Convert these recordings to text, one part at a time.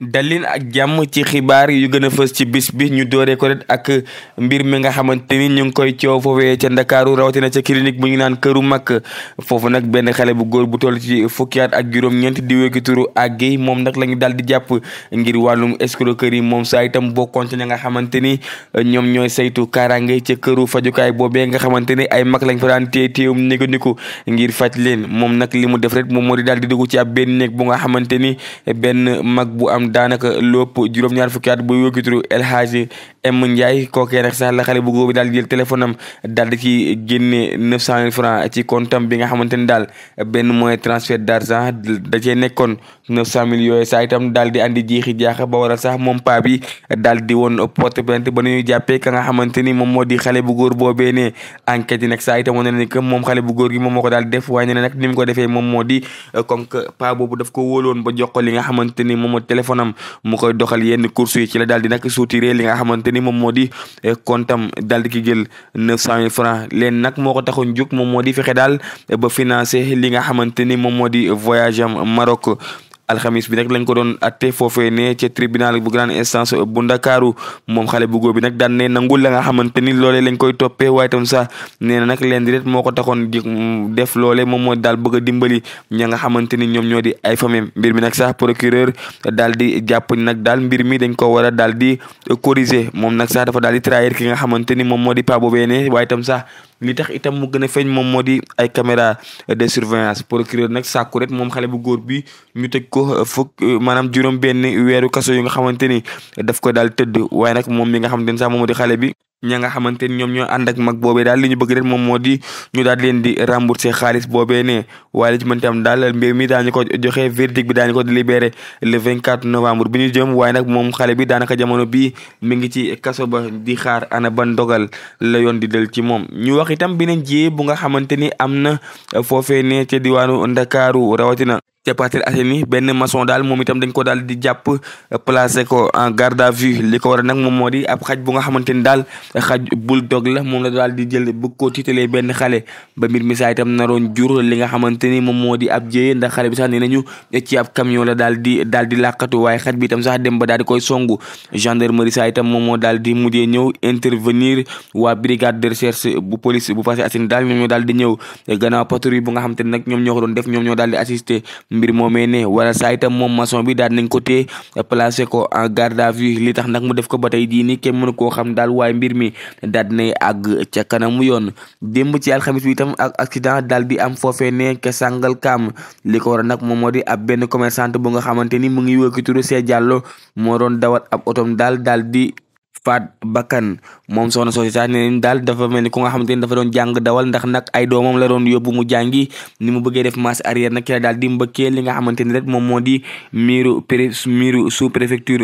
dalin ak jàmm ci xibaar yu gën a fës ci bis bi ñu dooree ko rek ak mbir mi nga xamante ni ñu ngi koy ci foofee ca ndakaaru rawatina ca clinique bu ñu naan këru mag foofu nag benn xale bu góor bu toll ci fukki ak juróom di wéegi turu àggi moom nag la ñu daal di jàpp ngir wàllum escroquerie moom saa itam bokkoon ci nga xamante ni ñoom ñooy saytu kaaraange ca këru fajukaay boobee nga xamante ni ay mag lañ fa daan téye téewum néegu niku ngir faj leen moom nag li mu def rek moom moo di daal di dugg ci ab benn néeg bu nga xamante ni benn mag bu am am daanaka lopp juróom-ñaar fukki at bu yokki El Hadji M Ndiaye kookee nag sax la xale bu góor bi daal jël téléphone am daal di ci génne neuf cent mille francs bi nga xamante ni daal benn moyen transfert d'argent da cee nekkoon neuf cent mille yooyu sax itam daal di andi jeexi jaax ba waral sax moom paa bi di woon porte plainte ba ñuy jàppee ka nga xamante ni moom moo di xale bu góor boobee ne enquête yi sax itam wane na xale bu góor gi moom moo ko daal def waaye ne nag ni mu ko defee moom moo di comme que paa boobu daf ko wóoloon ba jox ko li nga xamante ni moom moo téléphone maanaam mu koy doxal yenn course yi ci la daal di nag suutiree li nga xamante ni moom moo di eh, kontam daal di ki jël neuf cent mille francs leen nag moo ko taxoon jóg moom moo di fexe daal ba financer li nga xamante ni moom moo di voyage am Maroc alxamis bi nag lañ ko doon atte foofee ne tribunal bu grande instance moom xale bu góor bi nag daan ne nangul la nga xamante ni loolee lañ koy toppee waaye tam sax nee na nag leen di ko taxoon di def loole moom moo daal bëgg a dimbali ña nga ni ñoom ñoo di ay famille mbir mi nag sax procureur daal di jàpp ni nag daal mbir mi dañ ko war a daal di corriger moom nag sax dafa daal di trahir ki nga xamante di pa boobee ne tam sax li tax itam mu gën a feeñ moom moo di ay caméra de surveillance procureur nag sàkku rek moom xale bu góor bi ñu teg ko euh, fukk euh, maanaam juróom benn weeru kaso yu nga xamante ni def ko daal tëdd waaye nag moom mi nga xam ni sax moom moo di xale bi ña nga xamante ni ñoom ñoo ànd ak mag boobee daal li ñu bëgg rek moom moo di ñu daal leen di rembourser xaalis boobee ne waaye li ci mënti am daal mbir mi daañu ko joxe verdict bi daañu ko délibéré le 24 novembre bi ñu jëm waaye nag moom xale bi daanaka jamono bii mi ngi ci kaso ba di xaar ana bandogal ndogal la yoon di del ci moom ñu wax itam beneen jiyee bu nga xamante ni am na foofee ne ca diwaanu Ndakaaru rawatina te Parcelles Assainies benn mason daal moom itam dañ ko daal di jàpp euh, placé ko en garde à vue li ko war nag moom moo di ab xaj bu nga xamante ni daal xaj bulldog la moom la daal di jël bëgg koo tiitalee benn xale ba mbir mi itam naroon jur li nga xamante ni moom moo di ab jéyee ndax xale bi sax nee nañu ci ab camion la daal di daal di làqatu xaj bi itam sax dem ba daal di koy songu gendarmerie saa itam moom moo daal di mujjee ñëw intervenir waa brigade de recherche bu police bu Parcelles Assainies daal ñoom ñoo daal di ñëw gannaaw patrouille bu nga xamante ni nag ñoom ñoo ko doon def ñoom ñoo daal di assister mbir moomee ne wala saa itam moom maçon bi daal nañ ko téye placé ko en garde à vue li tax nag mu def ko ba tey jii nii kenn mënu koo xam daal waaye mbir mi daal dinay àgg ca kanamu yoon démb ci alxamis bi tam ak accident daal di am foofee ne ke sangal kaam li ko war a nag moom moo di ab benn commerçante bu nga xamante ni mu ngi wékki turu see jàllo moo doon dawat ab otom daal daal di faat bakkan moom soxna soosi sax ne daal dafa mel ni ku nga xamante ni dafa doon jàng dawal ndax nag ay doomam la doon yóbbu mu jàngi ni mu bëggee def masse arrière nag ci la daal di mbëkkee nga xamante rek moom moo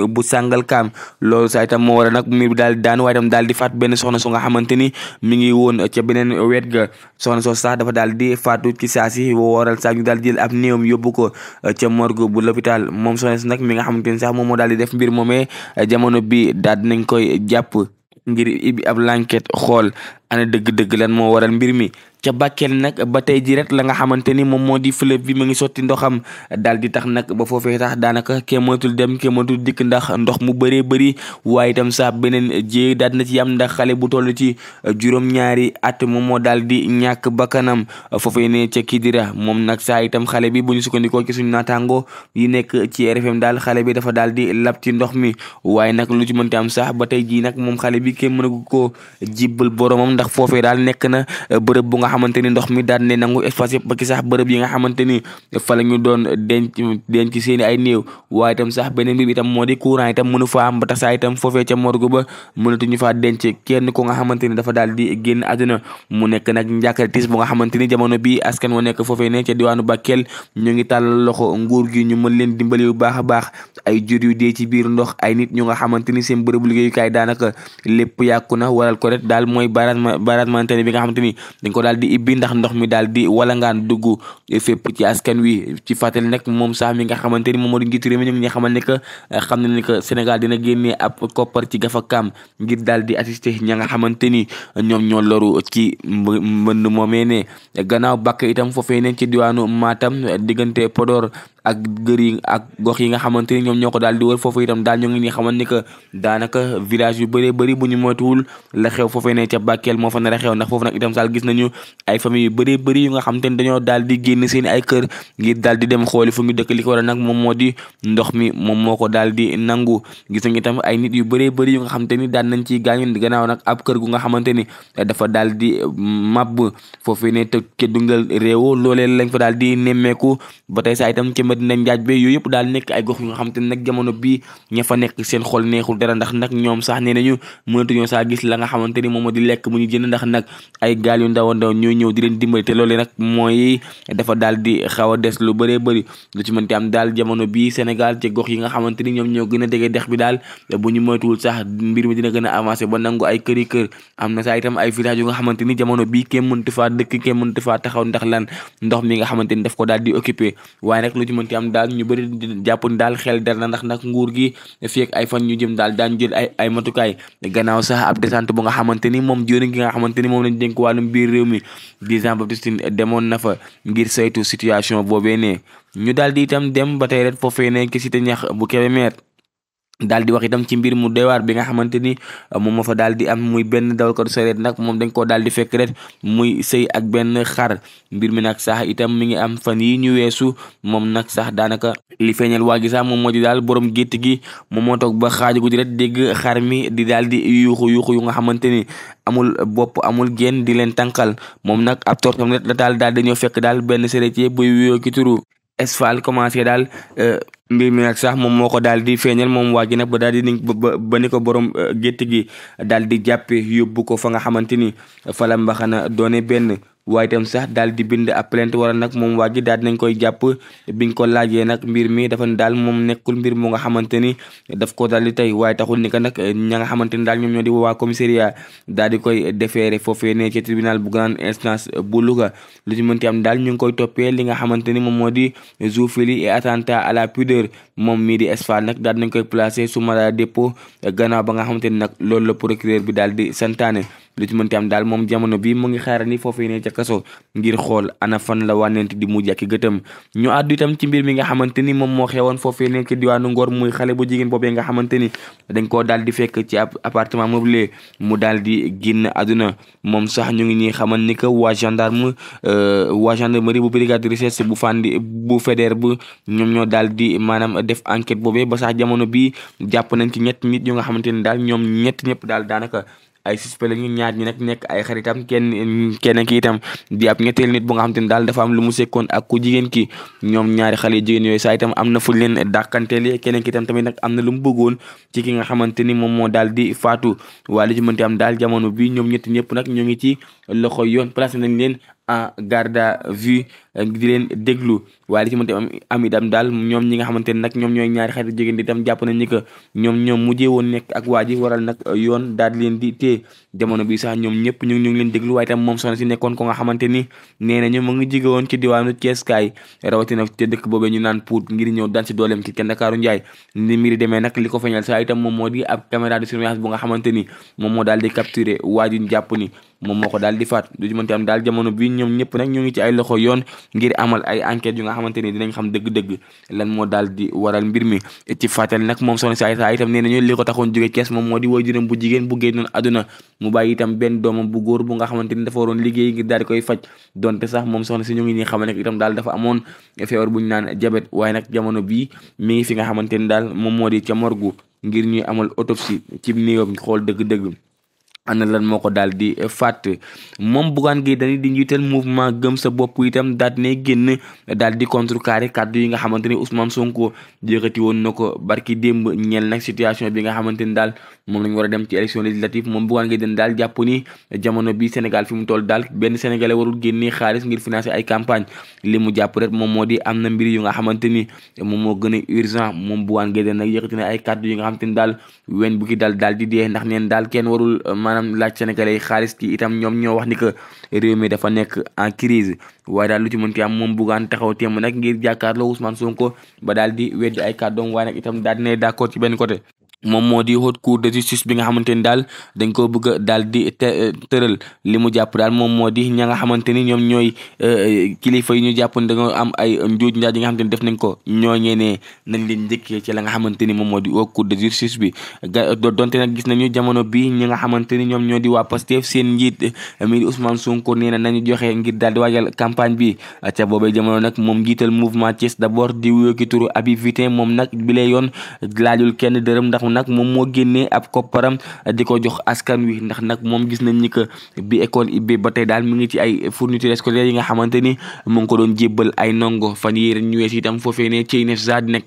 bu Sangalkam loolu sax itam moo waral nag miir bi daal di daanu waaye itam daal di faat benn soxna su nga xamante ni mi ngi woon ca beneen wet ga soxna soosi sax dafa daal di faatu ci saa si waral sax ñu daal jël ab néewam yóbbu ko eh, ca morgue bu l'hôpital moom soxna si mi nga xamante sax moom moo di def mbir moomee eh, jamono bi daal dinañ koy koy jàpp ngir ibi ab lanket xool ana dëgg-dëgg lan moo waral mbir mi ca Bakel nag ba tey ji rek la nga xamante ni moom moo di fleuve bi mu ngi sotti ndoxam daal di tax nag ba foofee tax daanaka kéematul dem kéematul dikk ndax ndox mu bëree bëri waaye itam saa beneen jéey daal na ci yam ndax xale bu toll ci juróom-ñaari at moom moo daal di ñàkk bakkanam foofee ne ca Kidira moom nag saa itam xale bi bu ñu sukkandikoo ci suñu naataango yi nekk ci RFM daal xale bi dafa daal di lab ci ndox mi waaye nag lu ci mënti am sax ba tey jii nag moom xale bi kenn mënagu koo jibbal boromam ndax foofee daal nekk na bërëb bu nga xamante ni ndox mi daal ne nangu espace yëpp ba sax bërëb yi nga xamante ni fa la ñu doon denc denc seen ay néew waaye itam sax beneen bi itam di courant itam mënu fa am ba tax saa itam ba mënatuñu faa denc ni dafa daal di génn àdduna mu nekk nag njàkkare tiis bu nga xamante ni jamono bi askan wa nekk foofee ne ca diwaanu Bakel ñu ngi tàllal loxo nguur gi ñu mën leen dimbali ay jur yu dee ci biir ndox ay nit ñu nga xamante ni seen bërëbu liggéeyukaay daanaka lépp yàqu na waral ko rek daal mooy barrage barrage bi nga xamante ni dañ ko daal di ibbi ndax ndox mi daal di wala ngaan dugg fépp ci askan wi ci fàttali nag moom sax mi nga xamante ni moom moo di njiitu réew mi ñu ngi xamal ne que eh, xam na ne que Sénégal dina génnee ab koppar ngir daal di assister ña nga xamante ni ñoom ñoo loru ci mbënd moomee ne gannaaw bàkk itam foofee neen ci diwaanu Matam diggante Podor ak gër yi ak gox yi nga xamante ni ñoom ñoo ko daal di wër foofu itam daal ñoo ngi ni xamante ni que yu bëree bëri bu moo fa nar a ndax foofu nag itam saal gis nañu ay famille yu bëri bëri yu nga xam te ne dañoo daal di génn seen ay kër daal di dem xooli fu ñu dëkk li ko war a nag moom moo di ndox mi moom moo ko daal di nangu gis nga tamit ay nit yu bëree bëri yu nga xam te ni daan nañ ciy gaañu gannaaw nag ab kër gu nga xamante ni dafa daal di màbb foofee ne te kedungal réewo loolee lañ fa daal di nemmeeku ba tey saa itam ca Medina Njaaj ba yooyu yëpp daal nekk ay gox yu nga xam te ne nag jamono bii ña nekk seen xol neexul dara ndax nag ñoom sax nee nañu mënatuñoo saa gis la nga xamante ni moom lekk mu ñu jënd ndax ay gaal ndaw ndaw ñooy ñëw di leen dimbali te loole nag mooy dafa daal di xaw a des lu bëree bëri lu ci mënti am daal jamono bii Sénégal ci gox yi nga xamante ni ñoom ñoo gën a jege dex bi daal bu ñu moytuwul sax mbir mi dina gën a avancé ba nangu ay këri kër am na saa itam ay village yu nga xamante ni jamono bii kenn mënti faa dëkk kenn mënti faa taxaw ndax lan ndox mi nga xamante ni daf ko daal di occupé waaye nag lu ci mënti am daal ñu bëri jàpp ni daal xel dal na nag nguur gi fii ay fan ñu jëm daal daan jël ay ay matukaay gannaaw sax ab descente bu nga xamante ni moom jëriñ gi nga xamante ni moom lañ dénk wàllum biir réew mi di Jean Baptiste demoon na fa ngir saytu situation boobee ne ñu daal di itam dem ba tey ret foofee ne ki cité ñax bu Kébémer daal di wax itam ci mbir mu doy waar bi nga xamante ni uh, moom moo fa daal di am muy benn dawalkatu sareet nag moom dañ koo daal di fekk rek muy sëy ak benn xar mbir mi nag sax itam mu ngi am fan yi ñu weesu moom nag sax daanaka li feeñal waa gi sax moom moo di daal borom gétt gi moom moo toog ba xaajagu di ret dégg xar mi di dal di yuuxu yuuxu yu nga xamante ni amul bopp amul génn di leen tànkal moom nag a tortam ret la daal daal dañoo fekk daal benn sareet buy wuyoo Esfal commencé daal e euh, mi nag sax moom moo ko daal di feeñal moom waa ji nag ba daal di ni ba ni ko borom euh, gétt gi daal di jàppe yóbbu ko fa nga xamante ni fa la mbaxana doone benn waaye itam sax daal di bind ab plainte wara nag moom waa ji daal dinañ koy jàpp biñ ko laajee nag mbir mi dafa ne daal moom nekkul mbir mu nga xamante ni daf ko daal di tey waaye taxul ni que nag ña nga xamante ni daal ñoom ñoo di waa commissariat daal di koy defeere foofee ne ci tribunal bu grande instance bu Louga lu ci daal ñu ngi koy toppee li nga xamante ni moom moo di zoophilie et attentat à la pudeur moom mii di Esfal nag daal dinañ koy placé sous mandat de dépôt gannaaw ba nga xamante ni nag loolu la procureur bi daal di santaane lu ci mënti am daal moom jamono bi mu ngi xaaral ni foofee ne ca kaso ngir xool ana fan la wànnent di mujj ak gëtëm ñu adu itam ci mbir mi nga xamante ni moom moo xewoon foofee ne ci diwaanu Ngor muy xale bu jigéen boobee nga xamante ni dañ koo daal di fekk ci ab appartement meublé mu daal di génn àdduna moom sax ñu ngi ñuy xamal ni que waa gendarme euh, waa gendarmerie bu brigade de recherche bu fàndi bu fédère bu ñoom ñoo daal di maanaam def enquête boobee ba sax jamono bi jàpp nañ ci ñett nit ñu nga xamante ni daal ñoom ñett ñëpp daal daanaka ay suspect la ñaar ñi nag nekk ay xaritam kenn kenn ki itam di ab ñetteel nit bu nga xam te ne daal dafa am lu mu sekkoon ak ku ki ñoom ñaari xale jigéen yooyu saa itam am na fu leen dàkkanteele keneen ki itam tamit nag am na lu mu bëggoon ci ki nga xamante ni moom moo daal di faatu waaye li ci am daal jamono bi ñoom ñetti ñëpp nag ñoo ngi ci loxo yoon placé nañ leen en garde à vue di leen déglu waaye li ci mënti am daal ñoom ñi nga xamante ne nag ñoom ñooy ñaari xarit jigéen di itam jàpp nañ ni que ñoom ñoom mujjee woon nekk ak waa ji waral yoon daal leen di jamono bi sax ñoom ñëpp ñu ñu ngi leen déglu waaye itam moom si nekkoon ko nga xamante ni nee nañu mu jige woon ci diwaanu Thiès kaay te dëkk boobee ñu naan Pout ngir ñëw daan si dooleem ci kenn Dakaaru Njaay ni mbiri demee nag li ko feeñal saa itam moom moo di ab caméra de nga xamante ni moom moo daal di capturé waa jàpp ni moom moo ko daal di faat du ci mënti am daal jamono bi ñoom ñëpp nag ñu ngi ci ay loxo yoon ngir amal ay enquêtes yu nga xamante ni dinañ xam dëgg-dëgg lan moo daal di waral mbir mi ci fàttali nag moom soxna si Aïssa itam nee nañu li ko taxoon jóge Kees moom moo di waajuram bu jigéen bu génnoon àdduna mu bàyyi itam benn doomam bu góor bu nga xamante ni dafa waroon liggéey ngir daal di koy faj donte sax moom soxna si ñu ngi nii xamal ne itam daal dafa amoon feebar bu ñu naan jabet waaye nag jamono bii mi ngi fi nga xamante ni daal moom moo di ca morgu ngir ñuy amal autopsie ci néewam xool dëgg-dëgg ana lan moo ko daal di fàtt moom Bougane Gueye Dany di njiital mouvement gëm sa bopp itam daal ne génn daal di contrecarrer kàddu yi nga xamante ni Ousmane Sonko yëkkati woon na ko barki démb ñeel nag situation bi nga xamante ni daal moom lañu war a dem ci élection législative moom Bougane Gueye Dany daal jàpp ni jamono bi Sénégal fi mu toll daal benn sénégalais warul génnee xaalis ngir financer ay campagne li mu jàpp rek moom moo di am na mbir yu nga xamante ni moom moo gën urgent moom Bougane Gueye Dany nag yëkkati na ay kàddu yi nga xamante ni daal maanaam laaj sénégalais yi xaalis ci itam ñoom ñoo wax ni que réew mi dafa nekk en crise waaye daal lu ci mën ci am moom buggaan taxaw téem nag ngir jàkkaarloo Ousmane Sonko ba daal di weddi ay kàddoom waaye nag itam daal dinay d'accord ci benn côté moom moo di haute cour de justice bi nga xamante ni dañ koo bëgg daal di eh, tëral li mu jàpp daal moom moo di ña nga xamante ni ñoom ñooy eh, kilifa yi ñu jàpp ne dañoo am ay njuuj njaaj yi nga xamante ni def nañ ko ñooñee ne nañ leen njëkkee ci la nga xamante ni moom moo di haute cour de justice bi ga donte nag gis nañu jamono bi ñi nga xamante ni ñoom ñoo di waa Pastef seen njiit eh, mi di Ousmane Sonko nee na nañu joxe ngir daal di waajal campagne bi ca boobee jamono nag moom njiital mouvement Thiès d'abord di wuyoo ki turu Habib Vitin moom nag bi yoon laajul kenn dërëm ndax nag moom moo génnee ab kopparam di ko jox askan wi ndax nag moom gis nañ ni bi école ko doon jébbal ay ndongo fan yii ren ñu wees itam foofee ne ci INEFJA di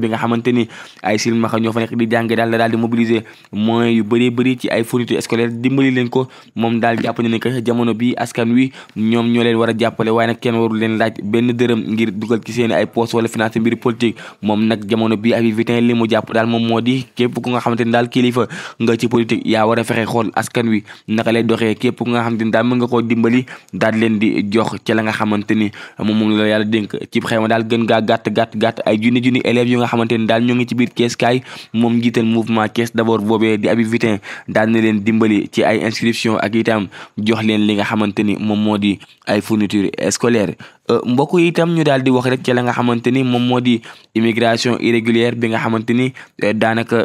bi nga xamante ni ay silmaxa di jànge daal la daal di mobiliser moyens yu bëree bëri ci ay fournitures scolaires dimbali leen ne que jamono bi askan wi ñoom ñoo leen war a jàppale waaye nag kenn warul leen laaj benn dërëm ngir dugal ci seen ay poste wala finance mbir politique moom nag jamono bi ay vitin li mu jàpp daal moom moo di képp ku nga xamante ni daal kilifa nga ci politique yaa war a fexe xool askan wi naka lay doxee képp ku nga xamante ni daal mën nga koo dimbali daal leen di jox ci la nga xamante ni moom moom la yàlla dénk ci xayma daal gën ngaa gàtt gàtt gàtt ay junni junni élèves yu nga xamante ni daal ñoo ngi ci biir Cees kaay moom jiital mouvement Cees d'abord boobee di Habib Vitin na leen dimbali ci ay inscription ak itam jox leen li nga xamante ni moom moo di ay fourniture scolaire Euh, mbokk yi itam ñu daal di wax rek ci la nga xamante ni moom moo di immigration irrégulière bi nga xamante ni euh, daanaka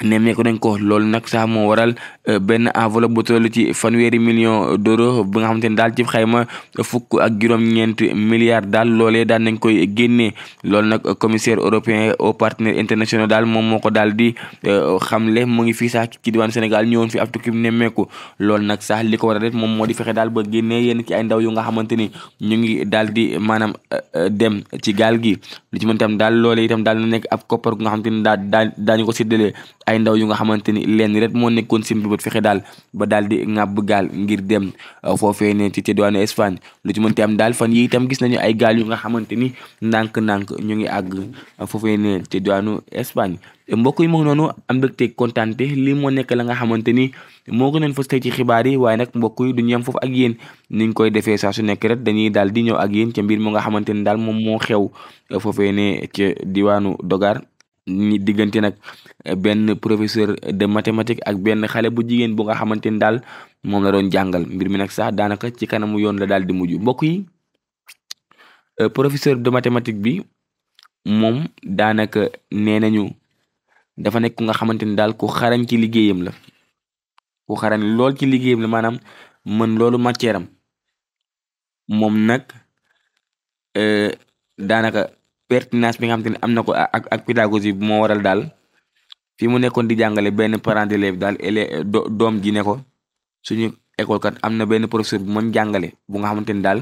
nemmeeku nañ ko loolu nag sax moo waral euh, benn enveloppe bu toll ci fanweeri million d'euros bi nga xamante ne daal ci xayma fukk ak juróom-ñeent milliards daal loole daan nañ koy génnee loolu nag commissaire européen aux partenaires internationaux daal moom moo ko daal di euh, xamle mu ngi fii sax ci diwaan Sénégal ñëwoon fi ab tukki nemmeeku loolu nag sax li ko waral rek moom moo di fexe daal ba génnee yenn ci ay ndaw yu nga xamante ni ñu ngi daal di maanaam euh, dem ci gaal gi lu ci mën tam daal loolee itam daal na nekk ab koppar gu nga xamante ni daal daal daañu ko séddalee ay ndaw yu nga xamante ni leen rek moo nekkoon seen bébét fexe daal ba daal di ŋàbb gaal ngir dem euh, foofee ne ci diwaanu Espagne lu ci mënti am daal fan yi itam gis nañu ay gaal yu nga xamante ni ndànk-ndànk ñu ngi àgg euh, foofee ne ci diwaanu Espagne mbokk yi moom noonu am mbégte kontaante lii moo nekk la nga xamante ni moo gënoon fës xibaar yi waaye nag mbokk yi duñu yem foofu ak yéen niñ koy defee saa su nekk rek dañuy daal di ñëw ak yéen ca mbir mu nga xamante ni daal moom moo xew euh, foofee ne ni diggante nag eh, benn professeur de mathématique ak benn xale bu jigéen bu nga xamante ni daal moom la doon jàngal mbir mi nag sax daanaka ci kanamu yoon la daal di mujj mbokk yi eh, professeur de mathématique bi moom daanaka nee nañu dafa nekk nga xamante ni daal ku xarañ ci liggéeyam la ku xarañ lool ci liggéeyam la maanaam mën loolu matière am moom nag eh, daanaka pertinence bi nga xam te ne am na ko ak ak pédagogie bi moo waral daal fi mu nekkoon di jàngale benn parent d'élève daal élève doom ji ne ko suñu école kat am na benn professeur bu mën jàngale bu nga xamante ni daal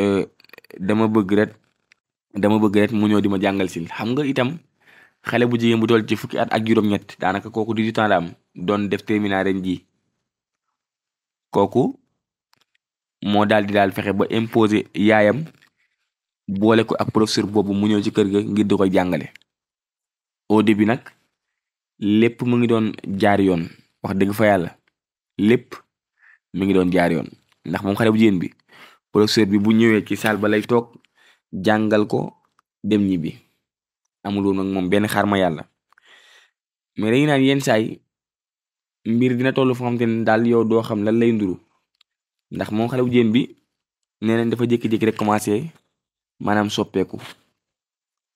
euh, dama bëgg rek dama bëgg rek mu ñëw di ma jàngal si xam nga itam xale bu jigéen bu toll ci fukki at ak juróom-ñett daanaka kooku 18 ans am doon def terminal ren ji kooku moo daal di daal fexe ba imposer yaayam boole ko ak professeur boobu mu ñëw ci kër ga ngir di ko jàngale au bi nag lépp mu ngi doon jaar yoon wax dëgg fa yàlla lépp mu ngi doon jaar yoon ndax moom xale bu jigéen bi professeur bi bu ñëwee ci saal ba lay toog jàngal ko dem ñibbi amul woon nag moom benn xaar yàlla mais dañu naan yenn saay mbir dina toll foo xam te yow doo xam lan lay nduru ndax moom xale bu jigéen bi nee nañ dafa jékki-jékki rek commencé. maanaam soppeeku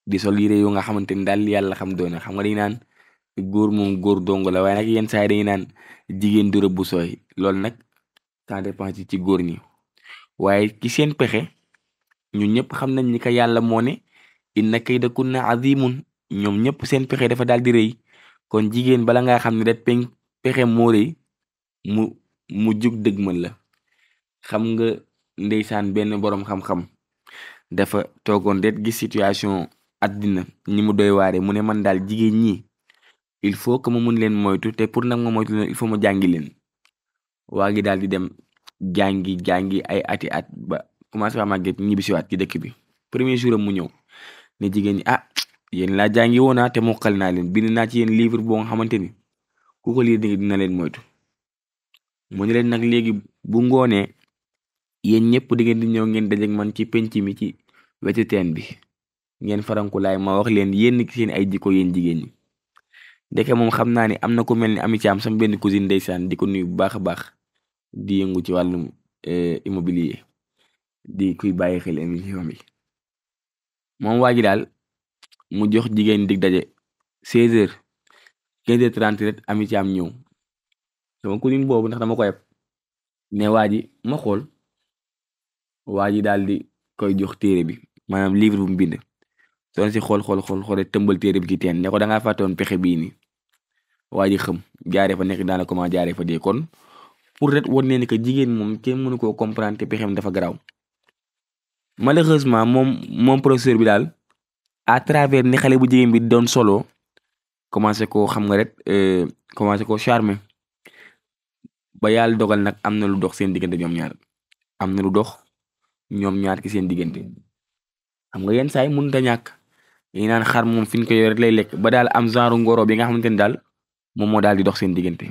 di sol yére nga xamante ni daal yàlla xam doy na xam nga dañu naan góor moom góor dong la waaye nag yenn saa yi dañu naan jigéen du rëbb sooy loolu nag ça dépend ci góor ñi waaye ki seen pexe ñun ñëpp xam nañ ni ka yàlla moo ne inna kaydakunna azimun ñoom ñëpp seen pexe dafa daal di rëy kon jigéen bala ngaa xam ne rek peñ pexe moo rëy mu mu jug dëgmal la xam nga ndeysaan benn boroom xam-xam dafa toogoon ret gis situation àddina ni mu doy waare mu ne man daal jigéen ñi il faut que ma mun leen moytu te pour nag ma moytu leen il faut ma jàngi leen waa gi daal di dem jàngi jàngi ay ati at ba commencé ba màgget ñibbisiwaat ci dëkk bi premier jour am mu ñëw ne jigéen ñi ah yéen laa jàngi woonaa ah, te mokkal naa leen bind naa ci yéen livre boo nga xamante ni ku ko lire dina leen moytu mu ne leen nag léegi bu ngoonee yéen ñëpp di ngeen di ñëw ngeen dajeek man ci penc mi ci wetu teen bi ngeen farankulaay ma wax leen yénn ki seen ay jikko yéen jigéen ñi ndeke moom xam naa ni am na ku mel ni Ami Thiam sama benn cousine ndeysaan di ko nuyu bu baax a baax di yëngu ci wàllum eh, immobilier di kuy bàyyi xel émission bi moom waa ji daal mu jox jigéen dig daje 16h 15h30 rek Ami ñëw sama cousine boobu ndax dama ko yeb ne waa ji ma xool waa ji daal di koy jox téere bi maanaam livre bu mu bind si xool xool xool xool tëmbal téere bi ci teen ne ko da ngaa fàttewoon pexe bii nii waa ji xam jaaree fa nekk daanaka comment jaaree fa dee kon pour ret wan ne que jigéen moom kenn mënu koo comprendre te pexem dafa garaaw moom moom professeur bi daal à travers ni xale bu jigéen bi doon solo commencé koo xam nga rek euh, commencé ko charmer ba yàlla dogal nag am na lu dox seen diggante ñoom ñaar am na lu dox. ñoom ñaar ki seen diggante xam nga yenn saa yi mënut a ñàkk dañuy naan xar moom fi ñu ko yore lay lekk ba daal am genre ngoro bi nga xamante ni daal moom moo daal di dox seen diggante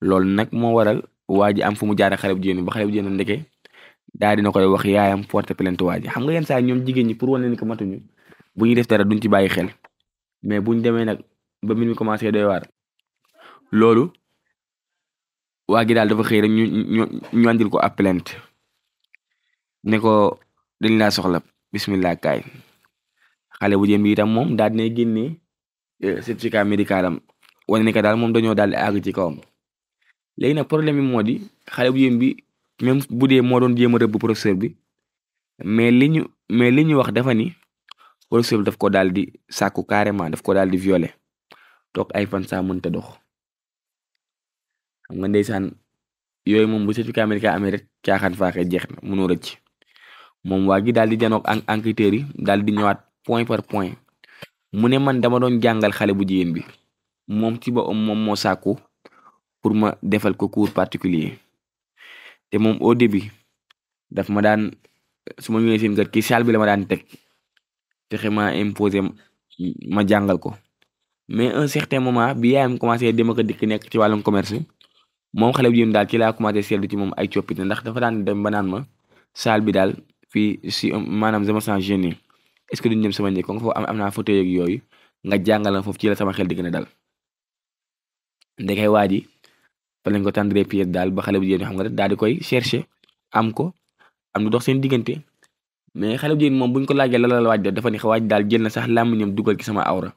loolu nag moo waral waa ji am fu mu jaare xale bu jigéen ba xale bu jigéen ndeke daal dina koy wax yaayam porte plainte waa ji xam nga yenn saa ñoom jigéen ñi pour wane leen ko matuñu bu ñuy def dara duñ ci bàyyi xel mais buñ demee nag ba mbir mi commencé doy waar loolu waa gi daal dafa xëy rek ñu ñu ñu ko ab ne ko dañ laa soxla bismillah kaay xale bu jëm bi itam moom daal dina génne eh, certificat médical am wane ne daal moom dañoo daal di àgg ci kawam léegi nag problème bi moo di xale bu jëm bi même bu dee moo doon jéem a rëbb bi mais li mais li ñu wax dafa ni professeur daf ko daal di sàkku carrément daf ko daal di violer toog ay fan saa mënta dox xam nga ndeysaan yooyu moom bu certificat médical amee rek caaxaan faaxee jeex na mënoo rëcc moom waa ji daal di janoog ak enquêteurs yi daal di ñëwaat point par point mu ne man dama doon jàngal xale bu jigéen bi moom ci ba moom moo sàkku pour ma defal ko cours particulier te moom au début daf ma daan suma ma ñëwee seen kër ki salle bi la ma daan teg fexe ma imposé ma jàngal ko mais un certain moment bi yaayam commencé dem ak dikk nekk ci commerce moom xale bu jigéen daal ci laa commencé seetlu ci moom ay coppite ndax dafa daan dem ba naan ma salle bi daal fii si um, maanaam dama sans gêne nii est-ce que duñ dem sama néeg kon foofu am naa fauteuil yeeg yooyu nga jàngal foofu ci la sama xel di gën a dal ndekay waa ji fa lañ ko tendre pied daal ba xale bu jigéen xam nga daal di koy chercher am ko am lu dox diggante mais xale bu jigéen moom buñ ko laajee la la waaj dafa ne waaj daal jël na sax làmmiñam dugal ci sama awra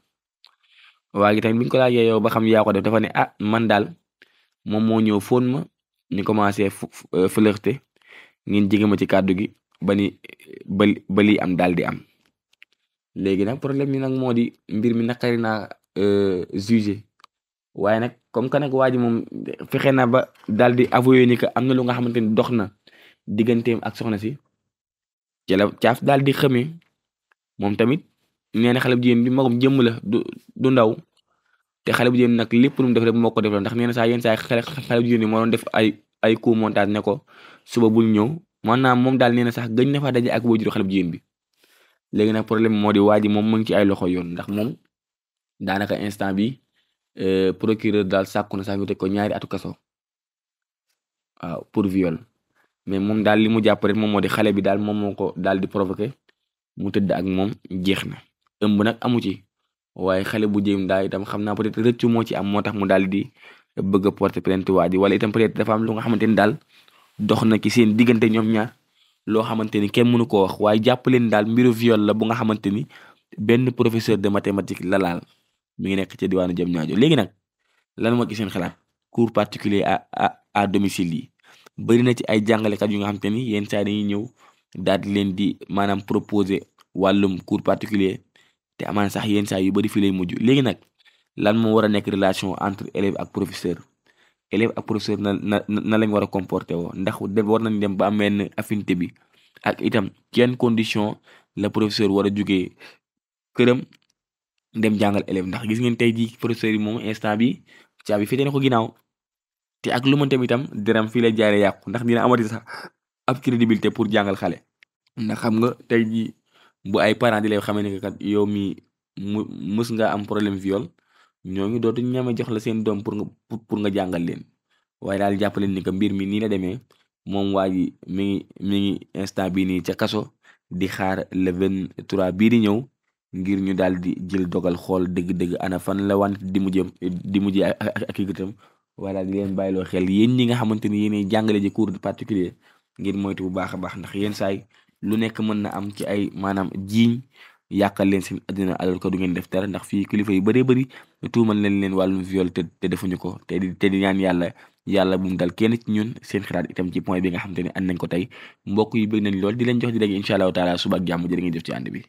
waa gi tamit buñ ko laajee yow ba xam yaa ko def dafa ne a ah, man daal moom moo ñëw fóon ma ñu commencé euh, flirter ngeen jege ma ci kàddu gi ba ni ba am daal di am léegi nag problème bi nag moo di mbir mi naqari naa euh, jugé waaye nag comme que nag waa ji moom fexe na ba daal di avoué ni am na lu nga xamante ni dox na digganteem ak soxna si ci la caaf daal di xamee moom tamit nee na xale bu jigéen bi magum jëmm la du du ndaw te xale bu jigéen nag lépp lu def rek moo ko def la ndax nee na saa yenn saa xale bu jigéen bi def ay ay coup montage ne ko suba bul ñëw maanaam moom daal nee na sax gëñ na fa daje ak waajuru xale bu jigéen bi léegi nag problème moo di waa ji moom mu ngi ci ay loxo yoon ndax moom daanaka instant bi euh, procureur daal sàkku na sax ñu teg ko ñaari atukaso kaso waaw pour viol mais moom daal li mu jàpp moom moo di xale bi daal moom moo ko daal di provoqué mu tëdd ak moom jeex na ëmb nag amu ci waaye xale bu jéem daal itam xam naa peut-être rëccu moo ci am moo tax mu daal di bëgg a plainte waa ji wala itam peut-être dafa am lu nga xamante ni daal dox na ci seen diggante ñoom ñaa loo xamante ni kenn mënu koo wax waaye jàpp leen daal mbiru viol la bu nga xamante ni benn professeur de mathématique la laal mi ngi nekk ca diwaanu Diamniadio léegi nag lan moo ci seen xalaat cours particulier à à à domicile bëri na ci ay jàngalekat yu nga xamante ni yenn dañuy ñëw daal di leen di maanaam proposer wàllum cours particulier te amaan sax yenn saa yu bëri fii lay mujj léegi nag lan moo war a nekk relation entre élève ak professeur. élève ak professeur na na na lañ war a comporté woo ndax war nañ dem ba am benn affinité bi ak itam kenn condition la professeur war a jugee këram ndem jàngal élève ndax gis ngeen tey jii professeur yi moom instant bi caabi féete na ko ginnaaw te ak lu mënte itam deram fii lay jaaree yàqu ndax dina amati sax ab crédibilité pour jàngal xale ndax xam nga tey jii bu ay parents di lay xamee ne kat yow mi mu mës nga am problème viol ñooñu dootuñ ñeme jox la seen doom pour nga pour nga jàngal leen waaye daal jàpp leen ni que mbir mi nii la demee moom waa ji mi ngi mi instant bii nii ca kaso di xaar le 23 bii di ñëw ngir ñu daal di jël dogal xool dëgg-dëgg ana fan la wante di mujjee di mujjee a itam waaye daal di leen bàyyiloo xeel yéen ñi nga xamante ni yéenay jàngale ji cours de particulier ngir moytu bu baax a baax ndax yéen saay lu nekk mën na am ci ay maanaam jiiñ yàqal leen seen àddina alal ko du ngeen def dara ndax fii kilifa yu bëree bëri tuumal nañ leen wàllum viol te te defuñu ko te di te di ñaan yàlla yàlla kenn ñun seen xalaat itam ci point bi nga xam te ne ànd nañ ko tey mbokk yi lool di leen jox di dégg incha allahu taala suba ak jàmm jërë ngeen jëf ci ànd bi